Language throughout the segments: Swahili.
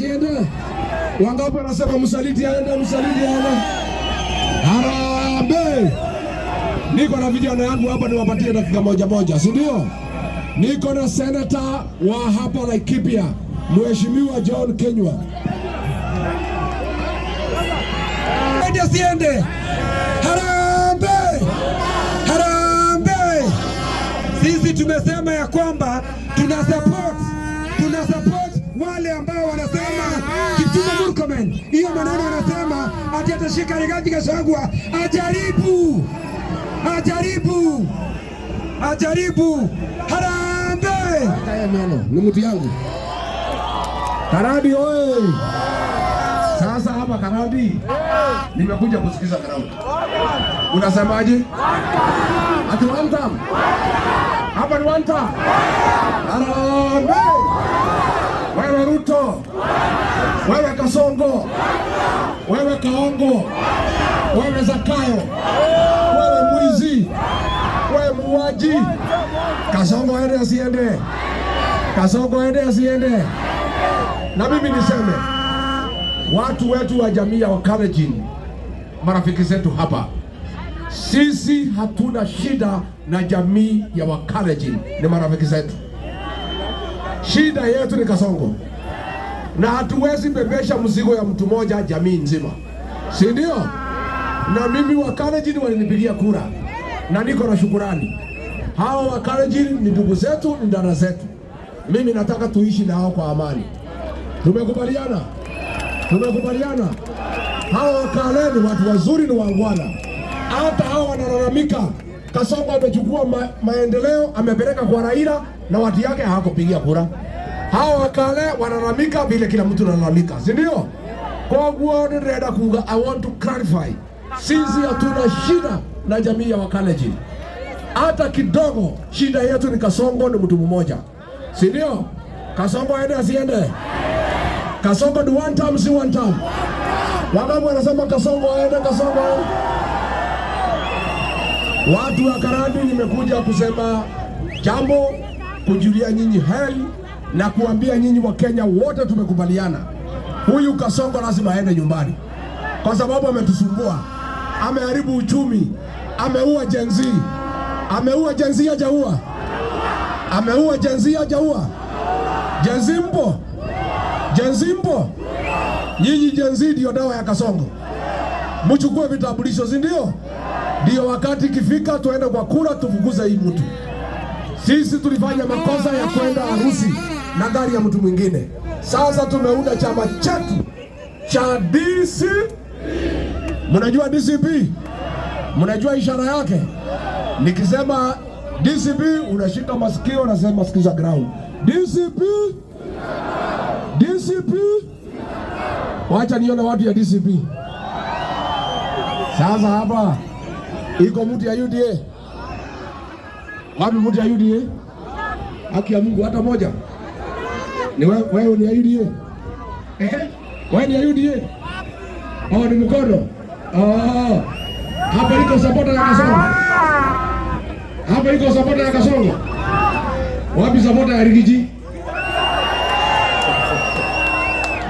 ziende. Wangapi wanasema msaliti aende, msaliti aende? Harambe, Niko na video na yangu hapa, niwapatie dakika moja moja, si ndio? Niko na seneta wa hapa Laikipia, Mheshimiwa John Kenywa. Ende siende? Harambe, harambe, Sisi tumesema Hiyo maneno anasema ati atashika Rigathi Gachagua, ajaribu ajaribu ajaribu. harambe Harambee! Ni mtu yangu Karabi oye! Sasa hapa Karabi nimekuja kusikiza Karabi, unasemaje? Ati one time. hapa ni one time. Harambee! wewe Ruto, wewe Kasongo, wewe Kaongo, wewe Zakayo, wewe mwizi, wewe muaji. Kasongo ende asiende, Kasongo ende asiende. Na mimi niseme watu wetu wa jamii ya Wakalenjin, marafiki zetu hapa, sisi hatuna shida na jamii ya Wakalenjin, ni marafiki zetu. Shida yetu ni Kasongo, na hatuwezi bebesha mzigo ya mtu mmoja, jamii nzima, si ndio? Na mimi Wakalenjin walinipigia kura na niko na shukurani. Hawa Wakalenjin ni ndugu zetu, ni dada zetu. Mimi nataka tuishi na hao kwa amani. Tumekubaliana, tumekubaliana. Hawa Wakale ni watu wazuri, ni wangwana. Hata hawa wanalalamika Kasongo amechukua ma maendeleo amepeleka kwa Raila na watu yake hawakupigia kura. Hao wakale wanalamika vile kila mtu analalamika, si ndio? Kwa hivyo ninaenda kuga, I want to clarify, sisi hatuna shida na jamii ya Wakalenjin hata kidogo. Shida yetu ni Kasongo ni mtu mmoja, si ndio? Kasongo aende asiende? Kasongo ni one time, si one time. Wangapi wanasema Kasongo aende? Kasongo watu wa Karadi, nimekuja kusema jambo kujulia nyinyi hali na kuambia nyinyi Wakenya wote tumekubaliana, huyu Kasongo lazima aende nyumbani kwa sababu ametusumbua, ameharibu uchumi, ameua Gen Z, ameua Gen Z, hajaua? Ameua Gen Z, hajaua? Gen Z mpo? Gen Z mpo? Nyinyi Gen Z ndiyo dawa ya Kasongo. Mchukue vitambulisho, si ndio? Ndiyo wakati ikifika tuende kwa kura tufukuze hii mtu. Sisi tulifanya makosa ya kwenda harusi na gari ya mtu mwingine. Sasa tumeunda chama chetu cha DC. Mnajua DCP? Mnajua ishara yake? Nikisema DCP unashika masikio, sema sikiza ground. DCP, DCP, wacha nione watu ya DCP. Sasa hapa iko mtu ya UDA wapi mtaahidi eh? Haki ya Mungu hata moja? Ni wewe uniahidi eh? Eh? Wewe uniahidi eh? Oh, ni mkono. Oh. Hapa iko supporter ya Kasongo. Hapa iko supporter ya Kasongo. Wapi supporter ya Rigiji?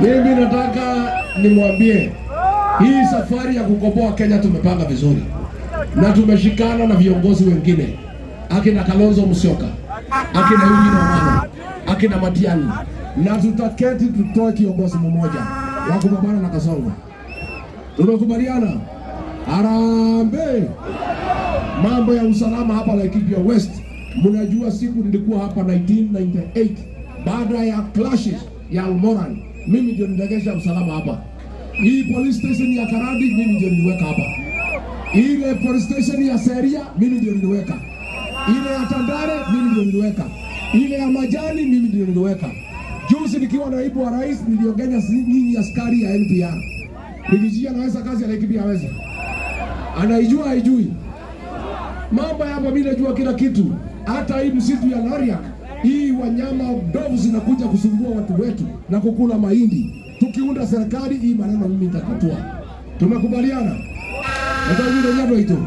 Mimi nataka nimwambie hii safari ya kukomboa Kenya tumepanga vizuri na tumeshikana na viongozi wengine akina Kalonzo Musyoka, akina Eugene Wamalwa, akina Matiang'i, na tutaketi tutoe kiongozi mmoja wa kupambana na kasongo. Tunakubaliana? arambe Mambo ya usalama hapa Laikipia West, mnajua siku nilikuwa hapa 1998 baada ya clashes ya Almoran, mimi ndio nidekesha usalama hapa. Hii police station ya Karadi mimi ndio niliweka hapa, ile police station ya Seria mimi ndio niliweka ile ya Tandare mimi ndio niliweka, ile ya Majani mimi ndio niliweka. Juzi nikiwa naibu wa rais niliongea nyinyi askari ya NPR, nilijia naweza kazi ya Laikipia aweza anaijua haijui mambo hapa, mimi najua kila kitu, hata hii msitu ya Lariak hii wanyama ndovu zinakuja kusumbua watu wetu na kukula mahindi. Tukiunda serikali hii maneno mimi nitakatua. Tumekubaliana, ndio ndio,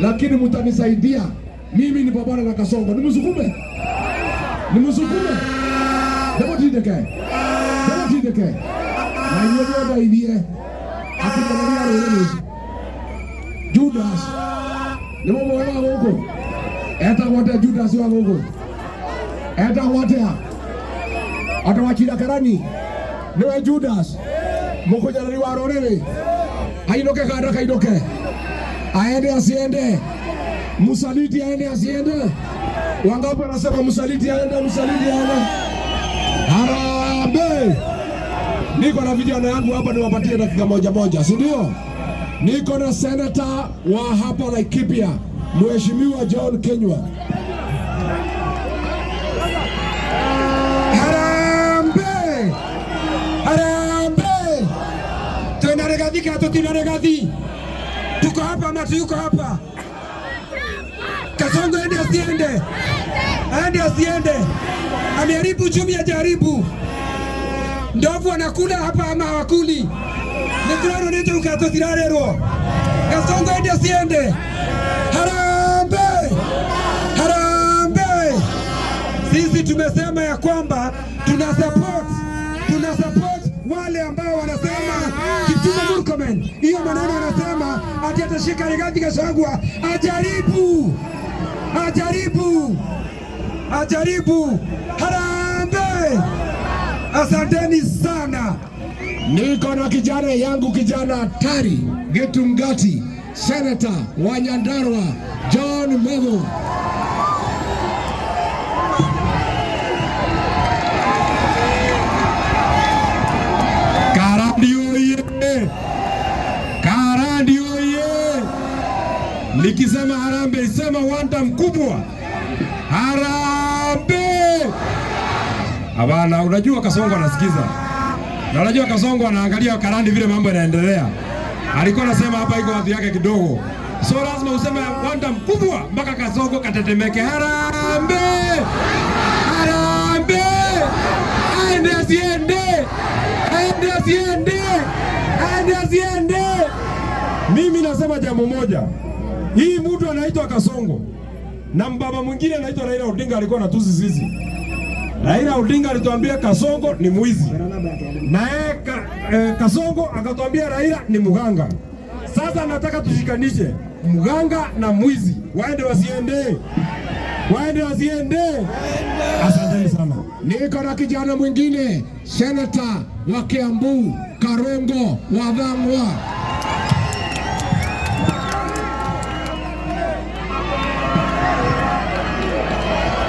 lakini mtanisaidia mimi ni Babana na Kasongo, nimsukume nimsukume ndabotindeke ndabotindeke na inyuĩ nĩondaithie eh. Judas nĩ mũmwe wa gũkũ etagwo Judas wa gũkũ etagwo atĩa atawachira karani nĩwe Judas mũkũnyanĩri wa rũrĩrĩ ainũke kanda kainũke aende asiende msaliti aende asiende? Wangapi wanasema msaliti aende? Msaliti aende? Harambe, Niko na vijana yangu hapa, niwapatie dakika moja moja, si ndio? Niko na senata wa hapa Laikipia, Mheshimiwa John Kenywa. Harambe, harambe, Twina regathi tuko hapa na tuko hapa aende asiende? Ameharibu uchumi, ajaribu. Ndovu wanakula hapa ama hawakuli? Niturano nito ukatosirarerwo Kasongo, aende asiende? harambe harambe Sisi tumesema ya kwamba tuna support, tuna support wale ambao wanasema Kipchumba Murkomen, hiyo maneno anasema ati atashika Rigathi Gachagua, ajaribu ajaribu, ajaribu. harambe. Asanteni sana. Niko na kijana yangu, kijana hatari Getungati, senata wa Nyandarua John Memo. Harambe Hapana, unajua Kasongo anasikiza na unajua Kasongo anaangalia karandi vile mambo yanaendelea. Alikuwa anasema hapa iko hadhi yake kidogo, so lazima useme wanda mkubwa mpaka Kasongo katetemeke. harambe harambe, Aende asiende, aende asiende, aende asiende. Mimi nasema jambo moja, hii mtu anaitwa Kasongo na mbaba mwingine anaitwa Raila Odinga alikuwa natusi sisi. Raila Odinga alituambia Kasongo ni mwizi, e, ka, e, Kasongo akatuambia Raila ni mganga. Sasa nataka tushikanishe mganga na mwizi, waende wasiende, waende wasiende. Asanteni sana. Niko na kijana mwingine senata wa Kiambu Karongo Wadhangwa.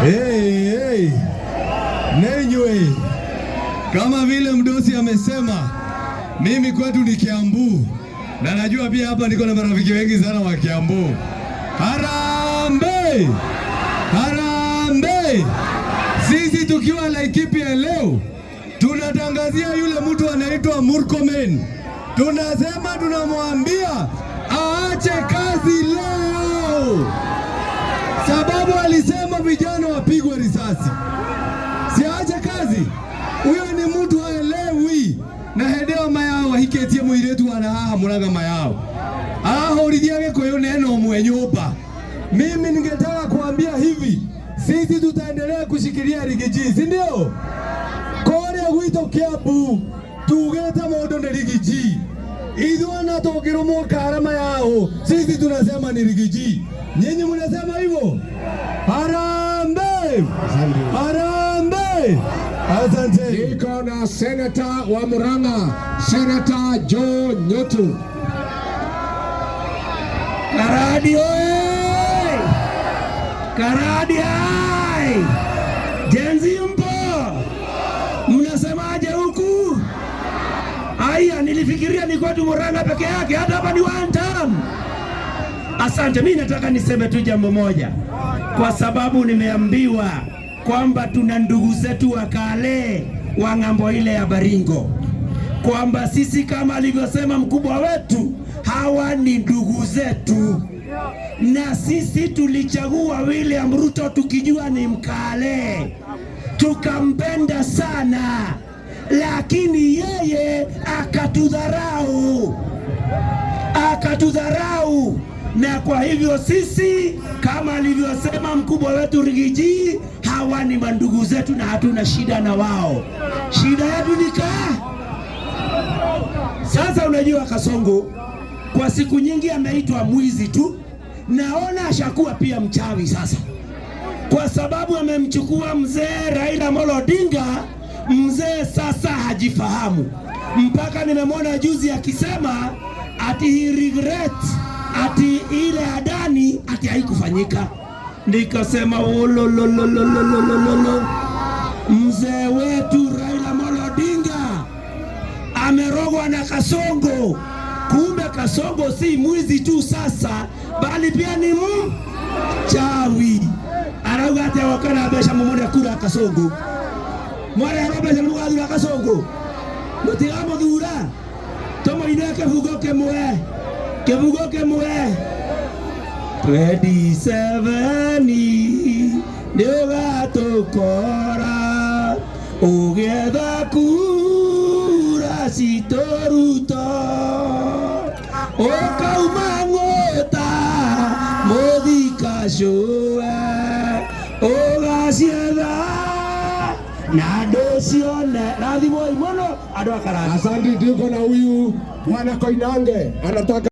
hey, hey. Nenywe kama vile mdosi amesema, mimi kwetu ni Kiambu na najua pia hapa niko na marafiki wengi sana wa Kiambu. harambe harambe Sisi tukiwa Laikipia leo tunatangazia yule mtu anaitwa Murkomen, tunasema tunamwambia aache kazi leo sababu alisema vijana wapigwe risasi. Siache kazi, huyo ni mtu aelewi na hedewa mayao hiketie mwiretu wana haha muraga aho ulijiage gikuyu neno mwe nyumba. Mimi ningetaka kuambia hivi, sisi tutaendelea kushikilia Rigiji, G, si ndio? Kore gwito kiabu tugete mondo ne ligi Idhu anatokero karama yao, sisi tunasema ni rigiji. Nyinyi mnasema hivyo? Harambee! Harambee! Asante. Niko na Senator wa Murang'a, Senator Joe Nyotu. Karadi oye! Karadi hai! Jenzi mpo! raia. Nilifikiria ni kwetu Murang'a peke yake, hata hapa ni wantam. Asante. Mimi nataka niseme tu jambo moja, kwa sababu nimeambiwa kwamba tuna ndugu zetu wa Kale wa ng'ambo ile ya Baringo, kwamba sisi kama alivyosema mkubwa wetu, hawa ni ndugu zetu na sisi tulichagua William Ruto tukijua ni Mkale, tukampenda sana lakini yeye akatudharau, akatudharau. Na kwa hivyo sisi kama alivyosema mkubwa wetu Rigiji, hawa ni mandugu zetu na hatuna shida na wao, shida yetu ni kaa. Sasa unajua Kasongo kwa siku nyingi ameitwa mwizi tu, naona ashakuwa pia mchawi sasa, kwa sababu amemchukua mzee Raila Molo Odinga Mzee sasa hajifahamu, mpaka nimemwona juzi akisema ati he regret ati ile adani ati haikufanyika. Nikasema mzee wetu Raila Amolo Odinga amerogwa na kasongo. Kumbe kasongo si mwizi tu sasa, bali pia ni mchawi, arauga ati wakana abesha mumune kura kasongo Morea robre de casa, la casougo No te dura. de urar Toma idea que jugó que muere Que jugó que muere Pretty seveni Diohato Cora Ugueda cura si toruto O calma ngota modifica yo O la ciudad na ndo sione rathimoi muno andå akara asandi ndiko na huyu mwana Koinange anataka